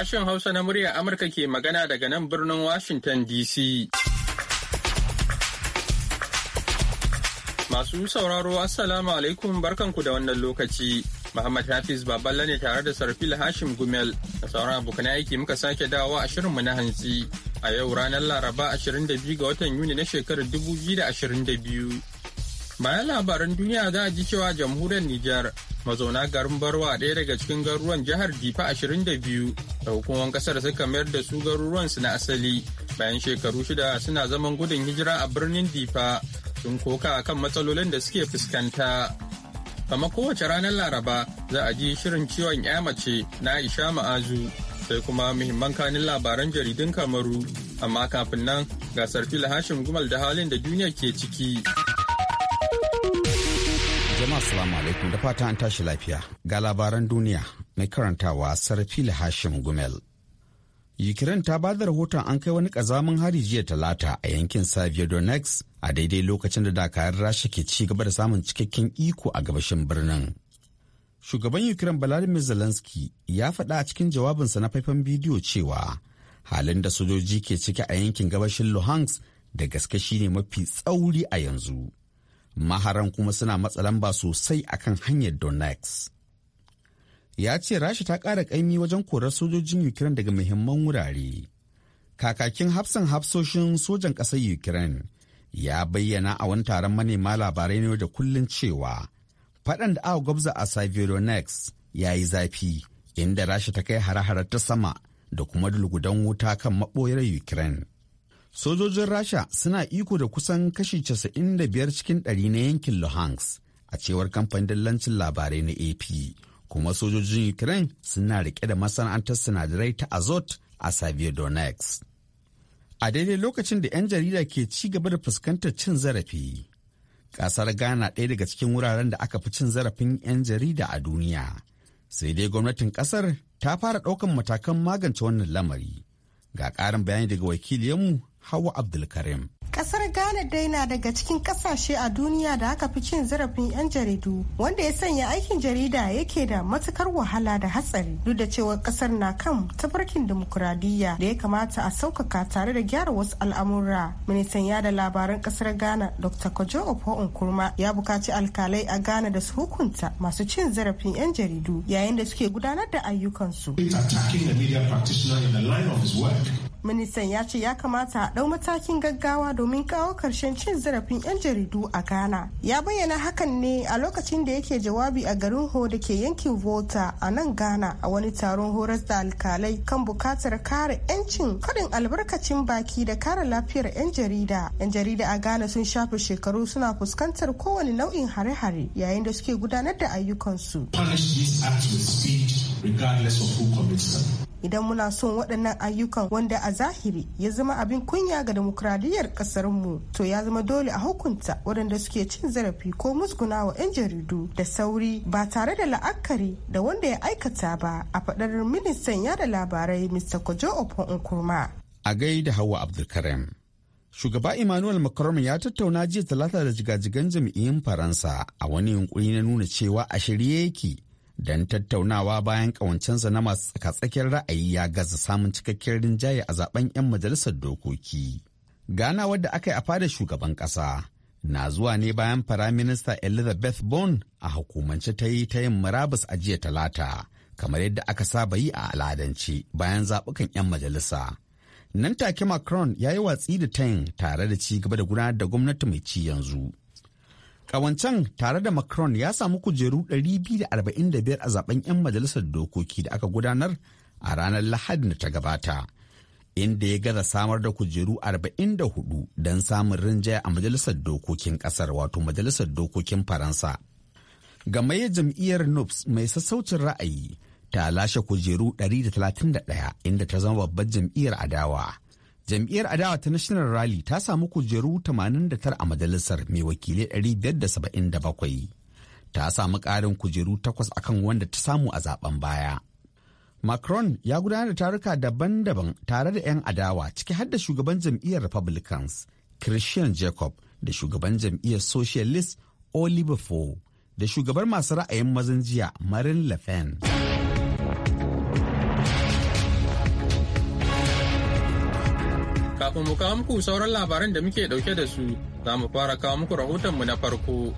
Sashen Hausa na muryar Amurka ke magana daga nan birnin Washington DC. Masu sauraro Assalamu alaikum barkanku da wannan lokaci. Muhammad Hafiz Baballa ne tare da Sarfil Hashim Gumel da sauran abokan aiki muka sake dawowa a shirinmu na hantsi a yau ranar Laraba 22 ga watan Yuni na shekarar 2022. Bayan labaran duniya za a ji cewa jamhuriyar Nijar mazauna garin Barwa ɗaya daga cikin garuruwan jihar Difa 22 da hukumar ƙasar suka mayar da su garuruwansu na asali bayan shekaru shida suna zaman gudun hijira a birnin Difa sun koka kan matsalolin da suke fuskanta. Kama kowace ranar Laraba za a ji shirin ciwon ya mace na Aisha Ma'azu sai kuma muhimman kanin labaran jaridun Kamaru amma kafin nan gasar fil Hashim Gumal da halin da duniya ke ciki. jama'a salamu alaikum da fata an tashi lafiya ga labaran duniya mai karantawa sarfila hashim gumel Ukraine ta ba da rahoton an kai wani kazamin hari jiya talata a yankin donex a daidai lokacin da dakarun rasha ke ci gaba da samun cikakken iko a gabashin birnin. Shugaban Ukraine vladimir Zelensky ya faɗa a cikin jawabinsa na faifan bidiyo cewa halin da sojoji ke ciki a yankin gabashin Luhansk da gaske shine mafi tsauri a yanzu. maharan kuma suna matsa lamba sosai a kan hanyar donetsk ya ce rasha ta ƙara ƙaimi wajen korar sojojin ukraine daga muhimman wurare kakakin hafsan hafsoshin sojan ƙasar ukraine ya bayyana a wani taron manema labarai ne da kullun cewa faɗan da aka gwabza a saveronex ya yi zafi inda rasha ta kai hare-hare ta sama da kuma dulgudan wuta kan maɓoyar ukraine Sojojin Rasha suna iko da kusan kashi 95 cikin ɗari na yankin Luhansk a cewar kamfanin dallancin labarai na AP. Kuma sojojin Ukraine suna rike da masana'antar sinadarai ta Azot a Saviodonex. A daidai lokacin da 'yan jarida ke ci gaba da fuskantar cin zarafi. Kasar Ghana ɗaya daga cikin wuraren da aka fi cin zarafin 'yan jarida a duniya. Sai dai gwamnatin kasar ta fara ɗaukan matakan magance wannan lamari. Ga ƙarin bayani daga wakiliyanmu Hawa Abdulkarim. Kasar Ghana dai na daga cikin kasashe a duniya da aka fi cin zarafin 'yan jaridu wanda ya sanya aikin jarida yake da matukar wahala da hatsari duk da cewa kasar na kan tafarkin dimokuradiyya, da ya kamata a sauƙaƙa tare da gyara wasu al'amura. Ministan yada labaran kasar Ghana Dr. Kojo Opo Nkrumah ya buƙaci alkalai a Ghana da su hukunta masu cin zarafin 'yan jaridu yayin da suke gudanar da ayyukansu. ministan ya ce ya kamata a ɗau matakin gaggawa domin kawo ƙarshen cin zarafin 'yan jaridu a ghana ya bayyana hakan ne a lokacin da yake jawabi a garin ho da ke yankin volta a nan ghana a wani taron horas da alkalai kan bukatar kare 'yancin kaɗin albarkacin baki da kare lafiyar 'yan jarida 'yan jarida a ghana sun shafe shekaru suna fuskantar kowane nau'in hare-hare yayin da suke gudanar da ayyukansu. regardless of who commits them. Idan muna son waɗannan ayyukan wanda a zahiri ya zama abin kunya ga demokradiyyar ƙasarmu to ya zama dole a hukunta waɗanda suke cin zarafi ko musguna wa 'yan jaridu da sauri ba tare da la'akari da wanda ya aikata ba a faɗar ministan yada labarai Mr. Kojo Opon Nkrumah. A gaida Hawa Abdulkarim. shugaba emmanuel macron ya tattauna jiya talata da jigajigan jami'in faransa a wani yunkuri na nuna cewa a shirye yake don tattaunawa bayan ƙawancensa na masu tsakatsakiyar ra'ayi ya gaza samun cikakkiyar rinjaye a zaben 'yan majalisar dokoki. Gana wadda aka yi a fada shugaban ƙasa na zuwa ne bayan Firaminista Elizabeth Bone a hukumance ta yi ta yin murabus a jiya talata, kamar yadda aka saba yi a al'adance bayan zaɓukan 'yan majalisa. Nan take Macron ya yi watsi da tayin tare da ci gaba da gudanar da gwamnati mai ci yanzu. Ƙawancen tare da Macron ya samu kujeru 245 a zaben 'yan majalisar dokoki da aka gudanar a ranar Lahadi da ta gabata, inda ya gaza samar da kujeru 44 don samun rinjaya a majalisar dokokin ƙasar wato majalisar dokokin Faransa. Gamaye jam'iyyar NUPS mai sassaucin ra'ayi ta lashe kujeru 131 inda ta zama babbar jam'iyyar adawa. jam'iyyar adawa ta national rally ta samu kujeru 89 a majalisar mai wakilai 577 ta samu ƙarin kujeru 8 akan wanda ta samu a zaben baya macron ya gudanar da taruka daban-daban tare da 'yan adawa ciki har shugaban jam'iyyar republicans christian jacob da shugaban jam'iyyar socialist oliver Faux da shugabar masu ra'ayin mazan jiya marin le pen Kafin mu kawo muku sauran labaran da muke dauke da su, za mu fara kawo muku mu na farko.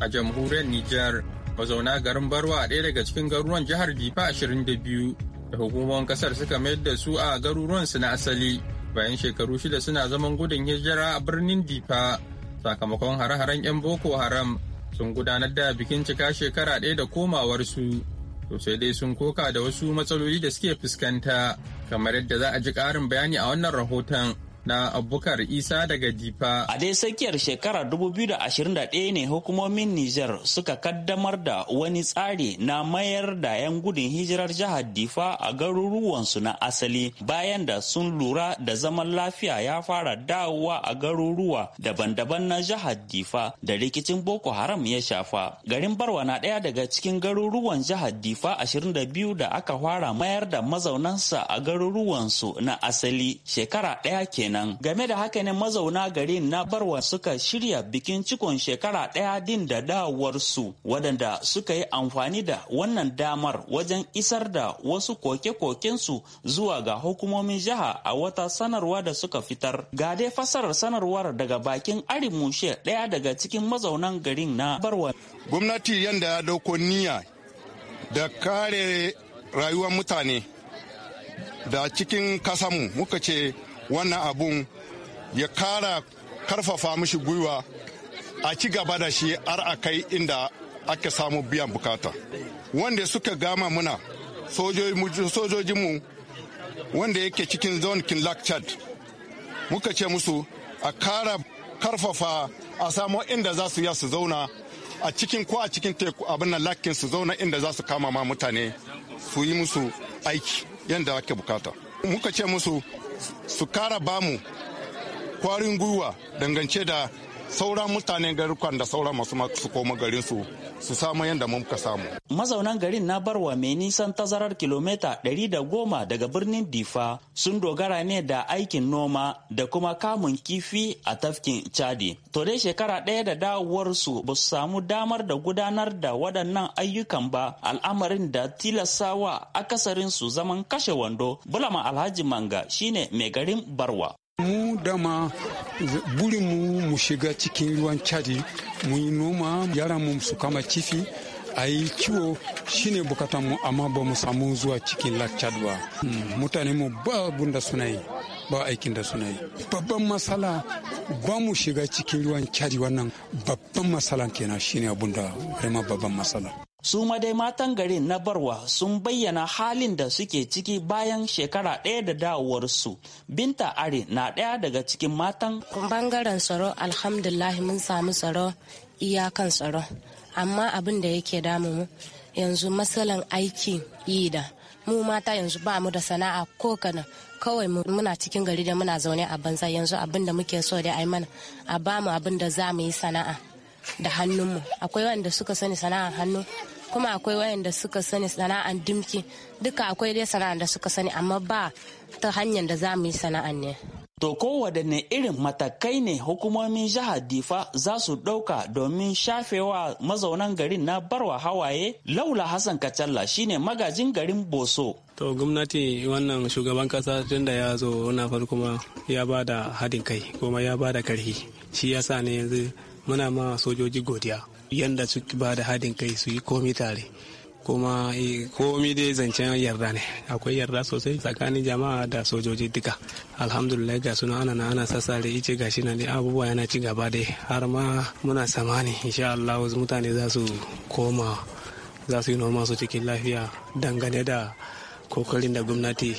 A jamhuriyar Nijar, mazauna garin Barwa ɗaya daga cikin garuruwan jihar Difa 22 da hukumomin kasar suka mayar da su a garuruwan su na asali bayan shekaru shida suna zaman gudun hijira a birnin Difa sakamakon hare-haren 'yan Boko Haram sun gudanar da bikin cika shekara ɗaya da komawarsu. To sai dai sun koka da wasu matsaloli da suke fuskanta kamar yadda za a ji ƙarin bayani a wannan rahoton na abubakar isa daga difa a dai tsakiyar shekarar 2021 ne hukumomin niger suka kaddamar da wani tsari na mayar da 'yan gudun hijirar jihar difa a garuruwansu na asali bayan da sun lura da zaman lafiya ya fara dawowa a garuruwa daban-daban na jihar difa da rikicin boko haram ya shafa garin barwa na ɗaya daga cikin garuruwan jihar difa 22 da aka fara mayar da mazaunansa a garuruwansu na asali shekara ɗaya kenan kenan game da haka ne mazauna garin na barwa suka shirya bikin cikon shekara ɗaya din da dawarsu waɗanda suka yi amfani da wannan damar wajen isar da wasu koke-kokensu zuwa ga hukumomin jiha a wata sanarwa da suka fitar ga dai fasarar sanarwar daga bakin arimushe ɗaya daga cikin mazaunan garin na barwa gwamnati yadda ya dauko niyya da kare rayuwar mutane da cikin kasamu muka ce wannan abun ya kara karfafa mishi gwiwa a ci gaba da shi har a kai inda ake samu biyan bukata wanda suka gama muna sojojinmu wanda yake cikin zone kinlak chad muka ce musu a kara karfafa a samu inda za su ya su zauna a cikin ko a cikin teku abin nan lakin su zauna inda za su kama ma mutane su yi musu aiki yadda ake bukata muka ce musu su kara bamu kwarin gwiwa dangance da sauran mutanen garukan da sauran masu su koma garin su su samu yadda mun ka samu. Mazaunan garin na barwa mai nisan tazarar kilomita 110 daga birnin Difa sun dogara ne da aikin noma da kuma kamun kifi a tafkin Chadi. To dai shekara ɗaya da dawowarsu ba su samu damar da gudanar da waɗannan ayyukan ba al'amarin da tilasawa akasarin su zaman kashe wando. Bulama Alhaji Manga shine mai garin Barwa. mu dama burinmu mu shiga cikin ruwan cadi mu yi noma yaranmu su kama kifi a yi kiwo shine bukatanmu amma ba mu samu zuwa cikin lakcad ba mutane mu ba abun da suna ba aikin da suna yi babban matsala ba mu shiga cikin ruwan cadi wannan babban masala kenan shine abun da babban masala. su dai matan garin na barwa sun bayyana halin da suke ciki bayan shekara ɗaya da dawowarsu binta are na ɗaya daga cikin matan bangaren tsaro alhamdulahi mun samu tsaro iyakan tsaro amma abin da yake damu mu yanzu matsalan aiki yi da mu mata yanzu ba mu da sana'a ko kana kawai muna cikin gari da muna zaune a banza yanzu abin da muke so da ai mana a ba mu abin da za mu yi sana'a da hannunmu akwai wanda suka sani sana'ar hannu kuma akwai wayanda suka sani sana'an dimki duka akwai dai sana'an da suka sani amma ba ta hanyar da za mu yi sana'an ne To kowaɗanne irin matakai ne hukumomin jihar Difa za su ɗauka domin shafewa mazaunan garin na barwa hawaye Laula Hassan Kacalla shine magajin garin Boso. To gwamnati wannan shugaban kasa tun da ya zo na farko ya ba da haɗin kai kuma ya ba da karhi shi ya sa ne yanzu muna ma sojoji godiya yanda suke ba da haɗin kai su yi komi tare kuma eh, komi dai zancen yarda ne akwai yarda sosai tsakanin jama'a da sojoji duka alhamdulillah ga suna ana ana sassare ice ga shi nan abubuwa yana ci gaba dai har ma muna samani insha Allah mutane za su koma za su yi noma su cikin lafiya dangane da kokarin da gwamnati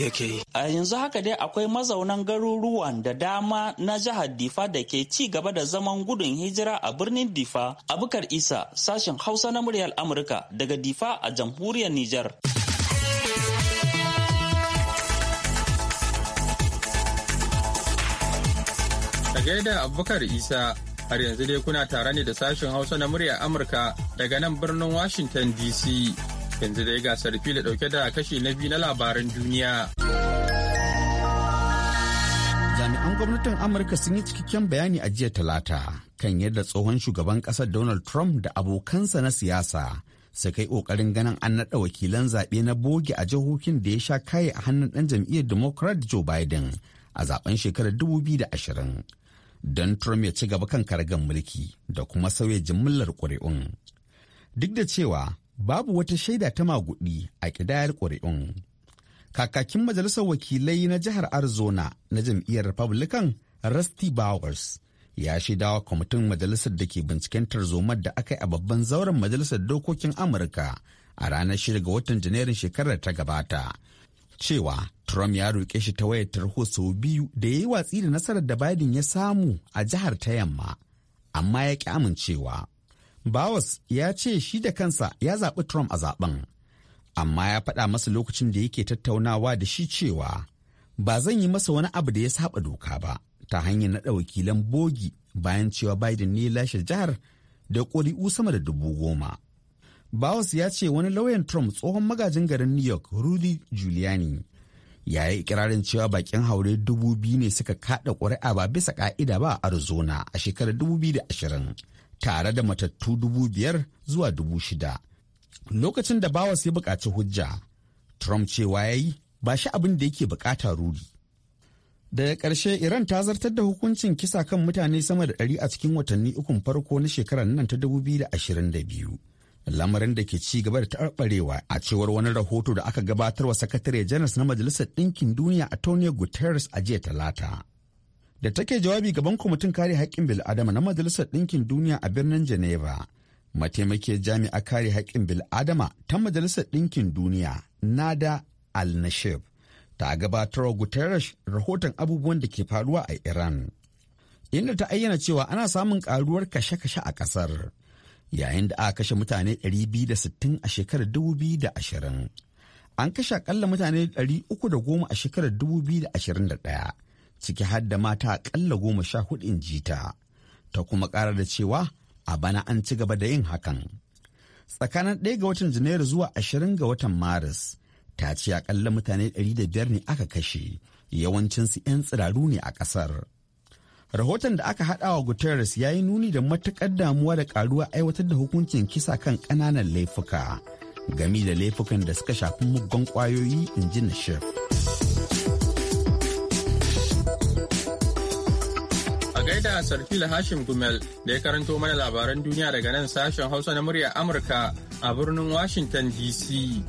yake yi. A yanzu haka dai akwai mazaunan garuruwan da dama na jihar Difa da ke ci gaba da zaman gudun hijira a birnin Difa. Abukar Isa sashen Hausa na muryar Amurka daga Difa a jamhuriyar Nijar. A gaida Abubakar Isa har yanzu dai kuna tare ne da sashen Hausa na muryar Amurka daga nan birnin Washington DC. Yanzu dai gasar fili dauke da kashi na biyu na labaran duniya. Jami'an gwamnatin Amurka sun yi cikakken bayani a jiya talata kan yadda tsohon shugaban ƙasar Donald Trump da abokansa na siyasa suka yi kokarin ganin an naɗa wakilan zaɓe na boge a jihohin da ya sha kaye a hannun ɗan jam'iyyar Democrat Joe Biden a zaben shekarar 2020. Don Trump ya ci gaba kan karagan mulki da kuma sauya jimillar ƙuri'un. Duk da cewa babu wata shaida ta magudi a kidayar ƙuri'un. Kakakin Majalisar Wakilai na Jihar Arizona na jam'iyyar Republican Rusty Bowers ya shaida wa kwamitin majalisar da ke binciken tarzomar da aka yi a babban zauren majalisar dokokin Amurka a ranar shida ga watan Janairun shekarar ta gabata. Cewa Trump ya roƙe shi ta wayar tarho sau biyu da ya yi watsi da nasarar da Biden ya samu a jihar ta yamma, amma ya ƙi amincewa. Bawas ya ce shi da kansa ya zaɓi Trump a zaɓen. amma ya faɗa masa lokacin da yake tattaunawa da shi cewa ba zan yi masa wani abu da ya saba doka ba ta hanyar naɗa wakilan bogi bayan cewa Biden ne lashe jihar da ƙuri'u sama da dubu goma. Bawas ya ce wani lauyan Trump tsohon magajin garin New York Rudy Giuliani ya yi ikirarin cewa bakin haure dubu biyu ne suka kaɗa ƙuri'a ba bisa ka'ida ba a Arizona a shekarar dubu biyu da ashirin tare da matattu dubu biyar zuwa dubu shida. Lokacin da Bawas ya buƙaci hujja, Trump cewa ya yi ba shi abin da yake buƙata ruri. Daga ƙarshe Iran ta zartar da hukuncin kisa kan mutane sama da ɗari a cikin watanni ukun farko na shekarar nan ta biyu. lamarin da ke ci gaba da taɓarɓarewa a cewar wani rahoto da aka gabatar wa sakatare Janus na majalisar ɗinkin duniya a Tony guterres a jiya talata da take jawabi gaban kwamitin kare haƙƙin bil'adama na majalisar ɗinkin duniya a birnin geneva mataimakiyar jami'a kare haƙƙin bil'adama ta majalisar ɗinkin duniya nada al-nashib ta gabatar wa guterres rahoton abubuwan da ke faruwa a iran inda ta ayyana cewa ana samun ƙaruwar kashe-kashe a ƙasar yayin da aka kashe mutane 260 a shekarar 2020 an kashe akalla mutane 310 a shekarar 2021 ciki har da mata akalla goma sha hudu in jita ta kuma ƙara da cewa a bana an ci gaba da yin hakan tsakanin ɗaya ga watan janairu zuwa ashirin ga watan maris ta ce akalla mutane ɗari da biyar ne aka kashe Yawancin su 'yan tsiraru ne a ƙasar rahoton da aka haɗa wa guterres ya yi nuni da matuƙar damuwa da ƙaruwa aiwatar da hukuncin kisa kan ƙananan laifuka gami da laifukan da suka shafi muggan ƙwayoyi in ji na da Sarfil Hashim Gumel da ya karanto mana labaran duniya daga nan sashen Hausa na murya Amurka a birnin Washington DC.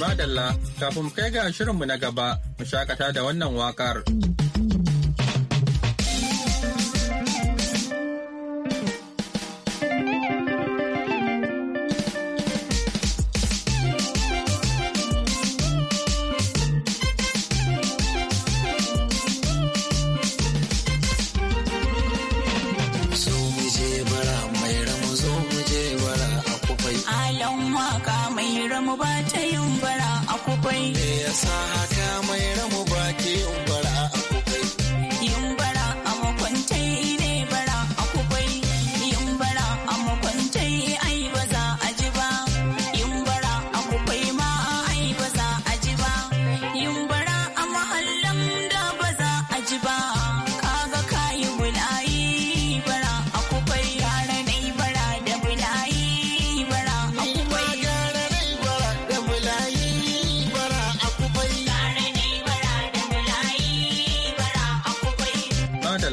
Madalla, kafin kai ga shirinmu na gaba, mu shakata da wannan wakar.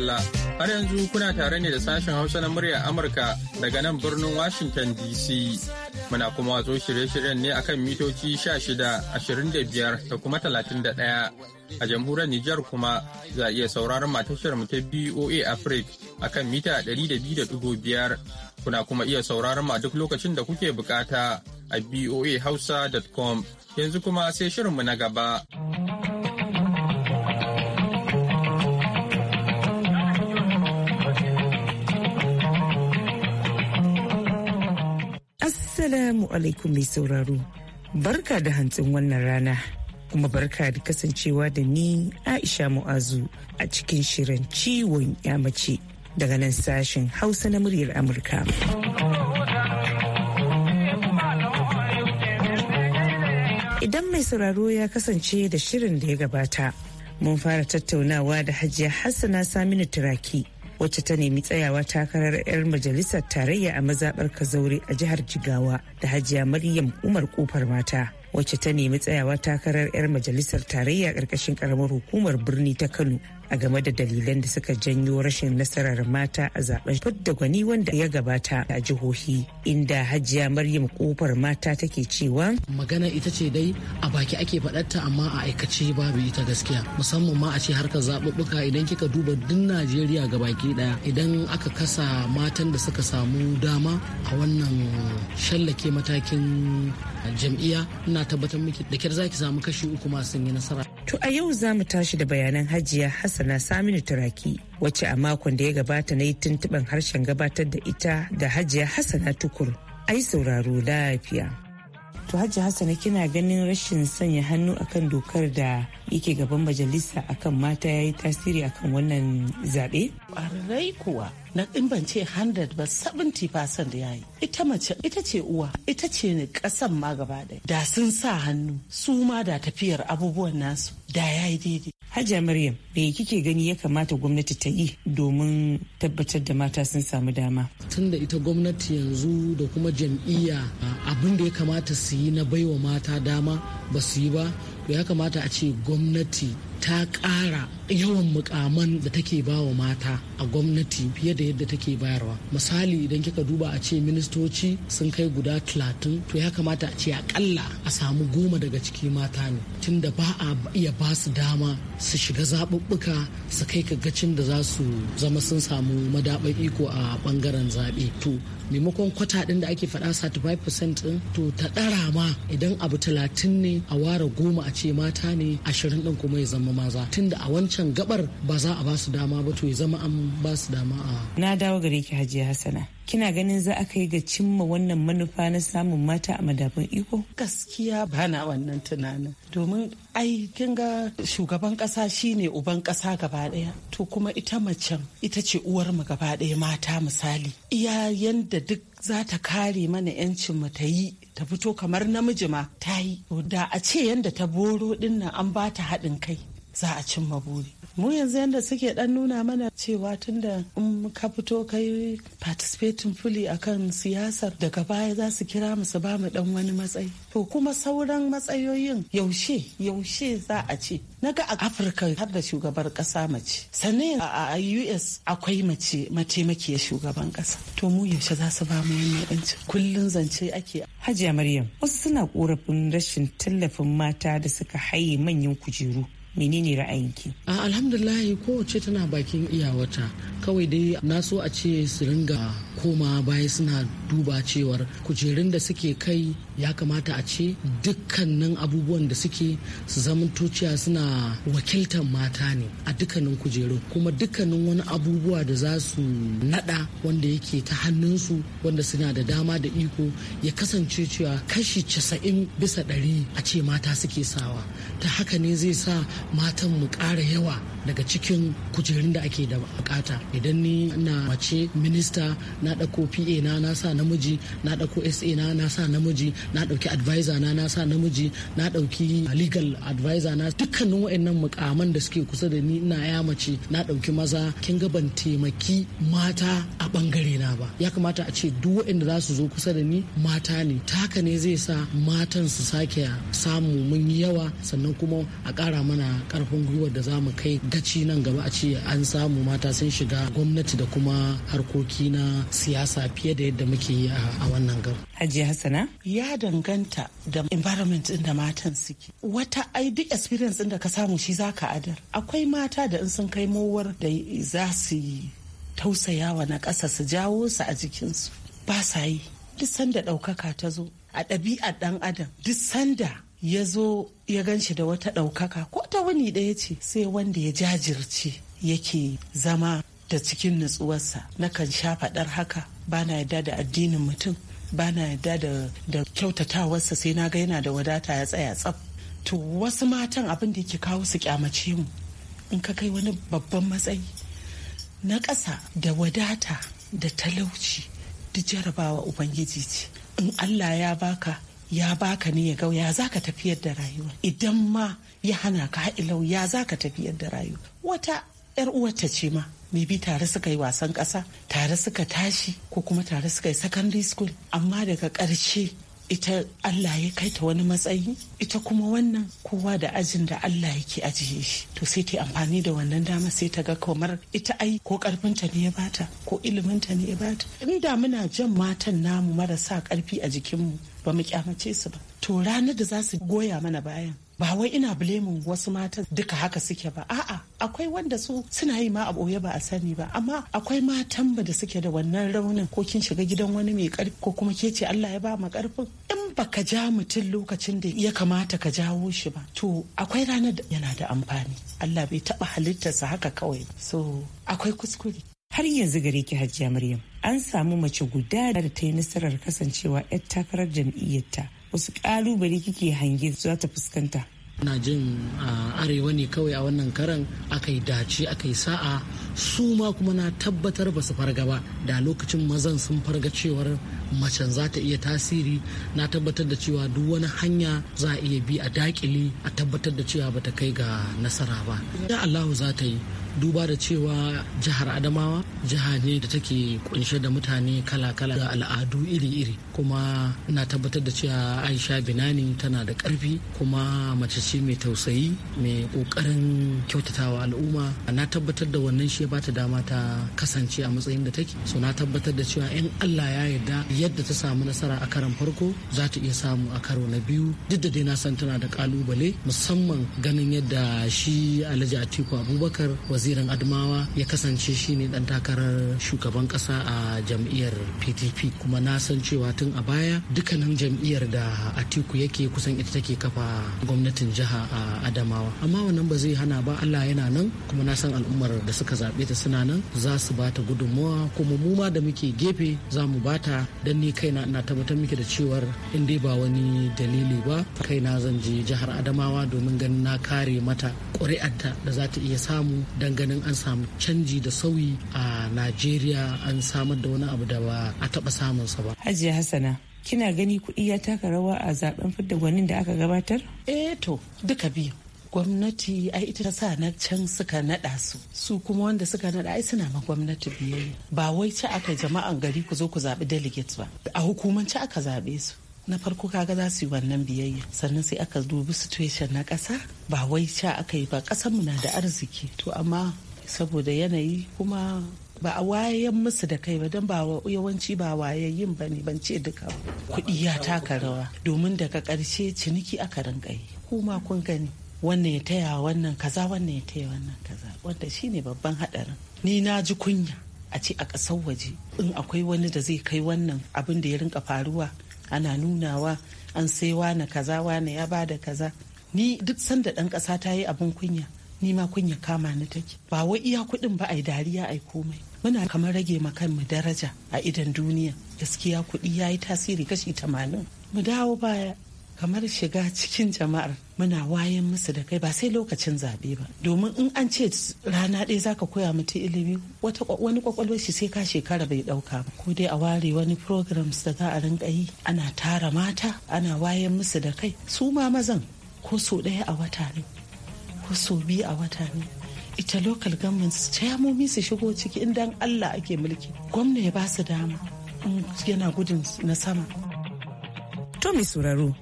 Allah. Har yanzu kuna tare ne da sashen Hausa na murya Amurka daga nan birnin Washington DC. Muna kuma watso shirye-shiryen ne akan mitoci 16, 25 da kuma 31. A jamhuriyar Nijar kuma za iya sauraron matashar mu ta BOA Africa akan mita 200.5. Kuna kuma iya sauraron a duk lokacin da kuke bukata a boa boahausa.com. Yanzu kuma sai shirinmu na gaba. Assalamu alaikum mai sauraro. Barka da hantsin wannan rana. Kuma barka da kasancewa da ni Aisha Mu'azu a cikin shirin ciwon yamace daga nan sashen Hausa na muryar Amurka. Idan mai sauraro ya kasance da shirin da ya gabata, mun fara tattaunawa da Hajiya Hassana Saminu Turaki. wacce ta nemi tsayawa takarar 'yar majalisar tarayya a mazaɓar kazaure a jihar jigawa da hajiya maryam umar kofar mata wacce ta nemi tsayawa takarar 'yar majalisar tarayya ƙarƙashin ƙaramar hukumar birni ta kano a game da dalilan da suka janyo rashin nasarar mata a zaben da gwani wanda ya gabata a jihohi inda hajiya maryam kofar mata take cewa magana ita ce dai a baki ake faɗarta amma a aikace babu ita gaskiya musamman ma a ce harkar zaɓuɓɓuka idan kika duba duk najeriya ga baki ɗaya idan aka kasa matan da suka samu dama a wannan shallake matakin jam'iyya ina tabbatar miki da kyar zaki samu kashi uku masu yi nasara to a yau za mu tashi da bayanan hajiya hassana saminu turaki wacce a makon da ya gabata na yi tuntuɓin harshen gabatar da ita da hajiya hassana tukur ai sauraro lafiya to hajji hassana kina ganin rashin sanya hannu akan dokar da yake gaban majalisa akan mata ya yi tasiri akan wannan zaɓe? ƙwararrai kuwa na in ban ce 100 ba 70% da yayi ita ita ce uwa ita ce ne ƙasan ma gaba ɗaya da sun sa hannu su ma da tafiyar abubuwan nasu da ya yi daidai Hajiya Maryam me kike gani ya kamata gwamnati ta yi domin tabbatar da mata sun samu dama tunda ita gwamnati yanzu da kuma jam'iyya abin da ya kamata su yi na baiwa mata dama ba su yi ba ya kamata a ce gwamnati ta ƙara yawan mukaman da take ba wa mata a gwamnati fiye da yadda take bayarwa misali idan kika duba a ce ministoci sun kai guda talatin to ya kamata a ce akalla a samu goma daga ciki mata ne tun da ba a iya ba su dama su shiga zaɓuɓɓuka su kai gacin da za su zama sun samu madaɓar iko a ɓangaren zaɓe to maimakon kwata ɗin da ake faɗa 35% ɗin to ta ɗara ma idan abu talatin ne a ware goma a ce mata ne ashirin ɗin kuma ya zama maza tunda a wancan gabar ba za a ba su dama ba to ya zama an ba su dama a na dawo gare ki hajiya hasana kina ganin za a kai ga cimma wannan manufa na samun mata a madafin iko gaskiya ba na wannan tunanin domin ai ga shugaban kasa shine uban kasa gaba daya to kuma ita macen ita ce uwar mu gaba daya mata misali iya yanda duk za ta kare mana yancin mu ta yi ta fito kamar namiji ma ta yi da a ce yanda ta boro dinnan an ba ta haɗin kai za a cimma buri mu yanzu yadda suke dan nuna mana cewa tunda in ka fito kai participating fully kan siyasar daga baya za su kira mu su ba mu dan wani matsayi to kuma sauran matsayoyin yaushe yaushe za a ce naga a afirka har da shugabar kasa mace sannan a us akwai mace mataimakiyar shugaban kasa to mu yaushe za su ba mu wani yanci kullun zance ake hajiya maryam wasu suna korafin rashin tallafin mata da suka haye manyan kujeru menene ra'ayinki a alhamdulillah kowace tana bakin iyawata kawai dai na so a ce su ringa koma baya suna duba cewar kujerun da suke kai ya kamata a ce dukkanin abubuwan da suke su zamanto tociya suna wakiltar mata ne a dukkanin kujeru kuma dukkanin wani abubuwa da za su nada wanda yake ta hannunsu wanda suna da dama da iko ya kasance cewa kashi casa'in bisa ɗari a ce mata suke sawa ta haka ne zai sa matan mu ƙara yawa daga cikin kujerun da ake da bukata idan ni na mace minista na ɗauko pa na na sa namiji na ɗauko sa na na sa namiji na ɗauki advisor na na sa namiji na ɗauki legal advisor na dukkanin wa'annan mukaman da suke kusa da ni na ya mace na ɗauki maza kin ga ban taimaki mata a bangare na ba ya kamata a ce duk wa'anda za su zo kusa da ni mata ne taka ne zai sa matan su sake samu mun yawa sannan kuma a ƙara mana karfin gwiwar da za mu kai gaci nan gaba a ce an samu mata sun shiga gwamnati da kuma harkoki na siyasa fiye da yadda muke yi a wannan gar. Hajji Hassana? Ya danganta da environment ɗin da matan suke. Wata id experience ɗin da ka samu shi za ka adar. Akwai mata da in sun kai mowar da za su yi tausayawa na ƙasa su jawo su a jikinsu. Ba sa yi. Duk sanda ɗaukaka ta zo a ɗabi'ar ɗan adam duk sanda ya zo ya gan shi da wata ɗaukaka ko ta wani ɗaya ce sai wanda ya jajirce yake zama da cikin nutsuwarsa nakan sha faɗar haka ba na yarda da addinin mutum ba na yarda da kyautatawarsa sai na ga yana da wadata ya tsaya tsaf to wasu matan abin da yake kawo su kyamace mu in ka kai wani babban matsayi na ƙasa da wadata da talauci duk jarabawa ubangiji ce in allah ya baka ya baka ne ya ga ya zaka tafiyar da rayuwa idan ma ya hana ka ilau ya zaka tafiyar da rayuwa wata yar uwarta ce ma me bi tare suka yi wasan ƙasa tare suka tashi ko kuma tare suka yi secondary school amma daga karshe ita Allah ya kai ta wani matsayi ita kuma wannan kowa da ajin da Allah yake ajiye shi to sai ta amfani da wannan dama sai ta ga kamar ita ai ko karfinta ne ya bata ko iliminta ne ya bata inda muna jan matan namu marasa karfi a jikinmu ba mu kyamace su ba to ranar da za su goya mana bayan ba wai ina bulemin wasu matan duka haka suke ba a'a akwai wanda su suna yi ma a boye ba a sani ba amma akwai matan ba da suke da wannan raunin ko kin shiga gidan wani mai karfi ko kuma ke ce Allah ya ba ma karfin in ba ka ja mutum lokacin da ya kamata ka jawo shi ba to akwai ranar da yana da amfani Allah bai taɓa halittarsa haka kawai so akwai kuskure har yanzu gare ki hajjiya maryam an samu mace guda da ta yi nasarar kasancewa 'yar takarar jam'iyyarta wasu kalubale kike hange za ta fuskanta na jin arewa ne kawai a wannan karan aka yi dace aka yi sa'a su ma kuma na tabbatar ba su farga ba da lokacin mazan sun farga cewar macen za ta iya tasiri na tabbatar da cewa duk wani hanya za a iya bi a dakile a tabbatar da cewa bata kai ga nasara ba ya allahu za ta yi duba da cewa jihar adamawa jiha ne da take kunshe da mutane kala-kala da al'adu iri-iri kuma na tabbatar da cewa aisha binani tana da karfi kuma mace ce mai tausayi mai kokarin kyautatawa al'umma na tabbatar da wannan shi ba ta dama ta kasance a matsayin da take so na tabbatar da cewa in allah ya yarda yadda ta samu nasara a karon farko za ta iya samu a karo na biyu duk da dai na san tana da kalubale musamman ganin yadda shi alhaji atiku abubakar wazirin adamawa ya kasance shi ne dan takarar shugaban kasa a jam'iyyar pdp kuma na san cewa tun a baya dukkanin jam'iyyar da atiku yake kusan ita take kafa gwamnatin jiha a adamawa amma wannan ba zai hana ba allah yana nan kuma na san al'ummar da suka zaɓe ta suna nan za su ba ta gudunmawa kuma mu ma da muke gefe za mu ba ta dan ni kaina ina tabbatar miki da cewar in dai ba wani dalili ba kaina zan je jihar adamawa domin ganin na kare mata ƙuri'arta da za ta iya samu dan ganin an samu canji da sauyi a najeriya an samar da wani abu da ba a taɓa sa ba hajiya hassana kina gani kuɗi ya taka rawa a zaben fidda gwanin da aka gabatar eh to duka biyu gwamnati a ita ta sa na can suka naɗa su su kuma wanda suka naɗa ai suna ma gwamnati biyayya ba wai ci aka jama'an gari ku zo ku zaɓi delegates ba a hukumance aka zaɓe su na farko kaga za su yi wannan biyayya sannan sai aka dubi situation na ƙasa ba wai ci aka yi ba mu na da arziki to amma saboda yanayi kuma ba a wayan musu da kai ba don ba yawanci ba wayayyin ba ne ban ce duka kuɗi ya taka rawa domin daga ƙarshe ciniki aka rinƙa yi kuma kun gani wannan ya taya wannan kaza wannan ya taya wannan kaza wanda shine babban hadarin ni na ji kunya a ce a ƙasar waje in akwai wani da zai kai wannan abin da ya rinka faruwa ana nunawa an sai wani kaza wani ya ba da kaza ni duk sanda ɗan ƙasa ta yi abin kunya ni ma kunya kama ni take ba wai iya kuɗin ba ai dariya ai komai muna kamar rage ma kanmu daraja a idan duniya gaskiya kuɗi ya yi tasiri kashi tamanin mu dawo baya kamar shiga cikin jama'ar muna wayan musu da kai ba sai lokacin zaɓe ba domin in an ce rana ɗaya ka koya mutum ilimi wani kwakwalwar shi sai ka shekara bai ɗauka ba ko dai a ware wani programs da za a rinka yi ana tara mata ana wayan musu da kai su ma mazan ko so ɗaya a wata ne ko so biyu a wata ne ita local governments ciyamomi su shigo ciki in dan Allah ake mulki gwamna ya ba su dama yana gudun na sama. Tommy Suraro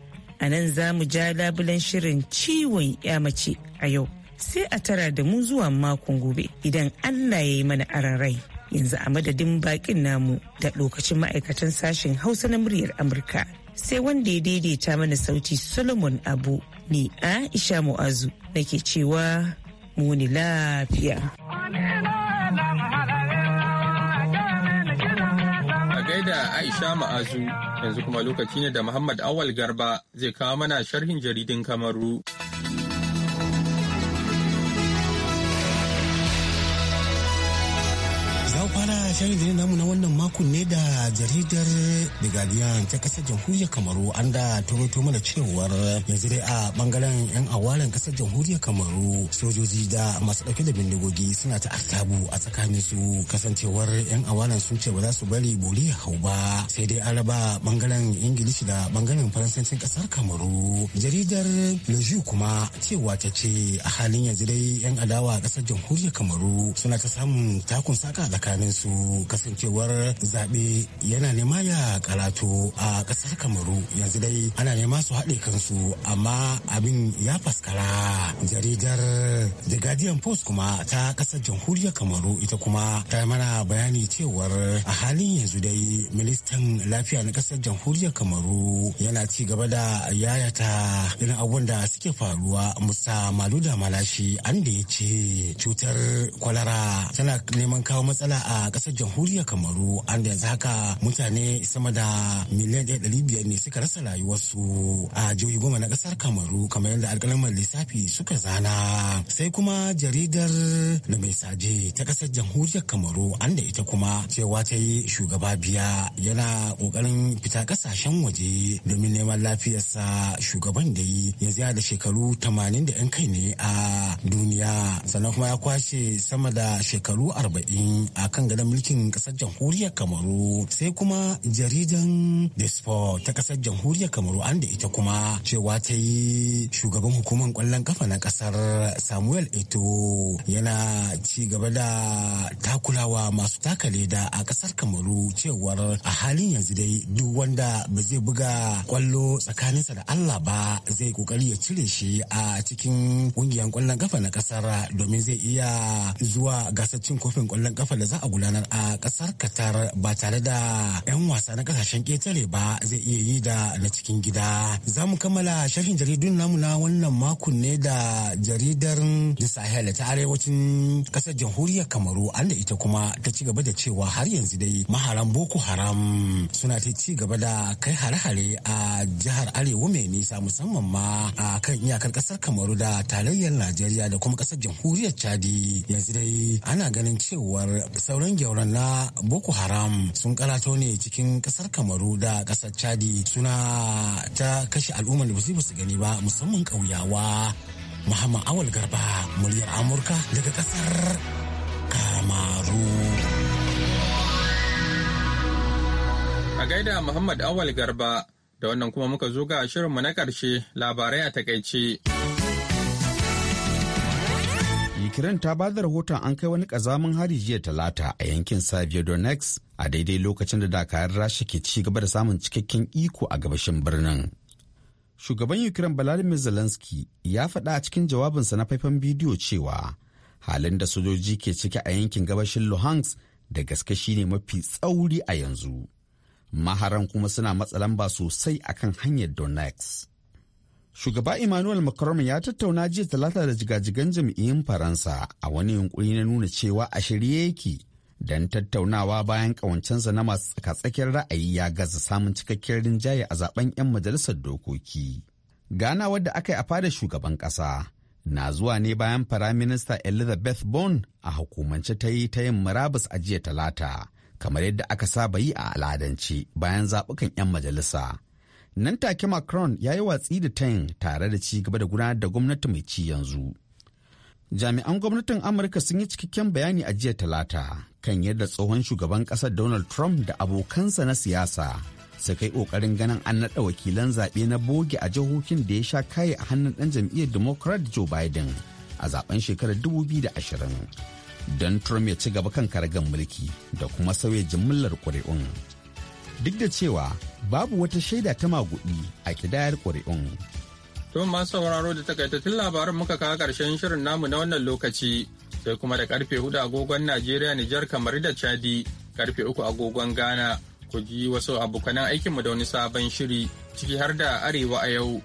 A nan za mu ja labulen shirin ciwon mace a yau. Sai a tara da mu zuwa makon gobe idan Allah ya yi mana aran rai. Yanzu a madadin bakin namu da lokacin ma'aikatan sashen Hausa na muryar Amurka. Sai wanda ya daidaita mana sauti Solomon Abu ni Aisha Mu'azu nake cewa muni lafiya. A gaida Aisha Ma'azu Yanzu kuma lokaci ne da Muhammad Awal Garba zai kawo mana sharhin jaridin Kamaru. shirin da namu na wannan makon ne da jaridar The Guardian ta kasar jamhuriyar Kamaru an da turoto mana cewar yanzu dai a bangaren yan awaren kasar jamhuriyar Kamaru sojoji da masu dauke da bindigogi suna ta artabu a tsakanin su kasancewar yan awaren sun ce ba za su bari boli ya hau ba sai dai an bangaren Ingilishi da bangaren Faransancin kasar Kamaru jaridar Le kuma cewa ta ce a halin yanzu dai yan adawa kasar jamhuriyar Kamaru suna ta samun takun saka tsakanin su kasancewar zaɓe yana nema ya karatu a ƙasar kamaru yanzu dai ana nema su haɗe kansu amma abin ya faskara jaridar the guardian post kuma ta ƙasar jamhuriyar kamaru ita kuma ta mana bayani cewar a halin yanzu dai ministan lafiya na ƙasar jamhuriyar kamaru yana ci gaba da yayata irin abubuwan da suke faruwa musa da malashi an da ya ce cutar kwalara tana neman kawo matsala a ƙasar jamhuriyar kamaru an da yanzu haka mutane sama da miliyan ɗaya ɗari biyar ne suka rasa rayuwarsu a jihohi goma na ƙasar kamaru kamar yadda alƙalamar lissafi suka zana sai kuma jaridar da mai saje ta ƙasar jamhuriyar kamaru an da ita kuma cewa ta yi shugaba biya yana ƙoƙarin fita ƙasashen waje domin neman lafiyarsa shugaban da yi yanzu ya da shekaru tamanin da 'yan kai ne a duniya sannan kuma ya kwashe sama da shekaru arba'in a kan gadon mulki mulkin kasar jamhuriyar kamaru sai kuma jaridan the sport ta kasar jamhuriyar kamaru an da ita kuma cewa ta yi shugaban hukumar kwallon kafa na kasar samuel eto yana ci gaba da takulawa masu taka leda a kasar kamaru cewar a halin yanzu dai duk wanda ba zai buga kwallo tsakaninsa da allah ba zai kokari ya cire shi a cikin kungiyar kwallon kafa na kasar domin zai iya zuwa gasar cin kofin kwallon kafa da za a gudanar a ƙasar Qatar ba tare da 'yan wasa na ƙasashen ƙetare ba zai iya yi da na cikin gida. Za mu kammala shafin jaridun namu na wannan makon ne da jaridar da Sahel ta arewacin ƙasar jamhuriyar Kamaru an da ita kuma ta ci gaba da cewa har yanzu dai maharan Boko Haram suna ta ci gaba da kai hare-hare a jihar Arewa mai nisa musamman ma a kan iyakar ƙasar Kamaru da tarayyar Najeriya da kuma ƙasar jamhuriyar Chadi yanzu dai ana ganin cewar sauran gyauran na boko haram sun karato ne cikin kasar kamaru da kasar chadi suna ta kashe al'ummar da ba su gani ba musamman ƙauyawa muhammad awal garba muryar amurka daga kasar kamaru a gaida muhammad awal garba da wannan kuma muka zo ga shirinmu na ƙarshe labarai a takaice. ukraine ta ba da rahoton an kai wani kazamin hari jiya talata a yankin saviodonex a daidai lokacin da dakarar rasha ke ci gaba da samun cikakken iko a gabashin birnin shugaban ukraine vladimir zelensky ya faɗa a cikin jawabinsa na faifan bidiyo cewa halin da sojoji ke ciki a yankin gabashin luhansk da gaske shine mafi tsauri a yanzu maharan kuma suna matsa lamba sosai akan hanyar donetsk Shugaba Emmanuel Macron ya tattauna jiya talata da jigajigan jam'iyyun Faransa a wani yunkuri na nuna cewa a shirye yake don tattaunawa bayan ƙawancensa na masu tsakatsakiyar ra'ayi ya gaza samun cikakken rinjaye a zaben 'yan majalisar dokoki. Gana wadda aka yi a fada shugaban ƙasa na zuwa ne bayan Firaminista Elizabeth Bone a hukumance ta yi ta yin murabus a jiya talata, kamar yadda aka saba yi a al'adance bayan zaɓukan 'yan majalisa. nan take macron ya yi watsi da tayin tare da ci gaba da gudanar da gwamnati mai ci yanzu jami'an gwamnatin amurka sun yi cikakken bayani a jiya talata kan yadda tsohon shugaban kasar donald trump da abokansa na siyasa su kai kokarin ganin an naɗa wakilan zaɓe na boge a jihohin da ya sha kaye a hannun ɗan jam'iyyar democrat joe biden a zaben shekarar 2020 don trump ya ci gaba kan karagan mulki da kuma sauya jimillar ƙuri'un. duk da cewa babu wata shaida ta maguɗi a kidayar ƙuri'un. To masu sauraro da takaitattun labaran muka kawo ƙarshen shirin namu na wannan lokaci sai kuma da karfe hudu agogon Najeriya Nijar kamar da Chadi karfe uku agogon Ghana ku ji wasu abokanan aikinmu da wani sabon shiri ciki har da arewa a yau.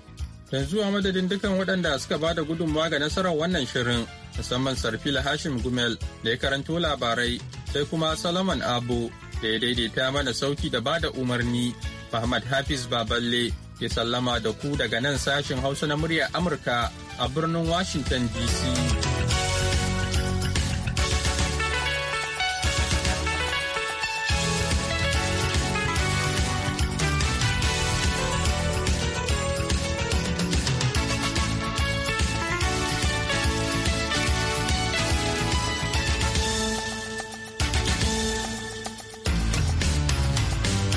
Yanzu a madadin dukkan waɗanda suka ba da gudunmawa ga nasarar wannan shirin musamman Sarfila Hashim Gumel da ya karanto labarai sai kuma Solomon Abu da ya daidaita mana sauki da ba da umarni Muhammad Hafiz Baballe ya sallama da ku daga nan sashen Hausa na muryar Amurka a birnin Washington DC.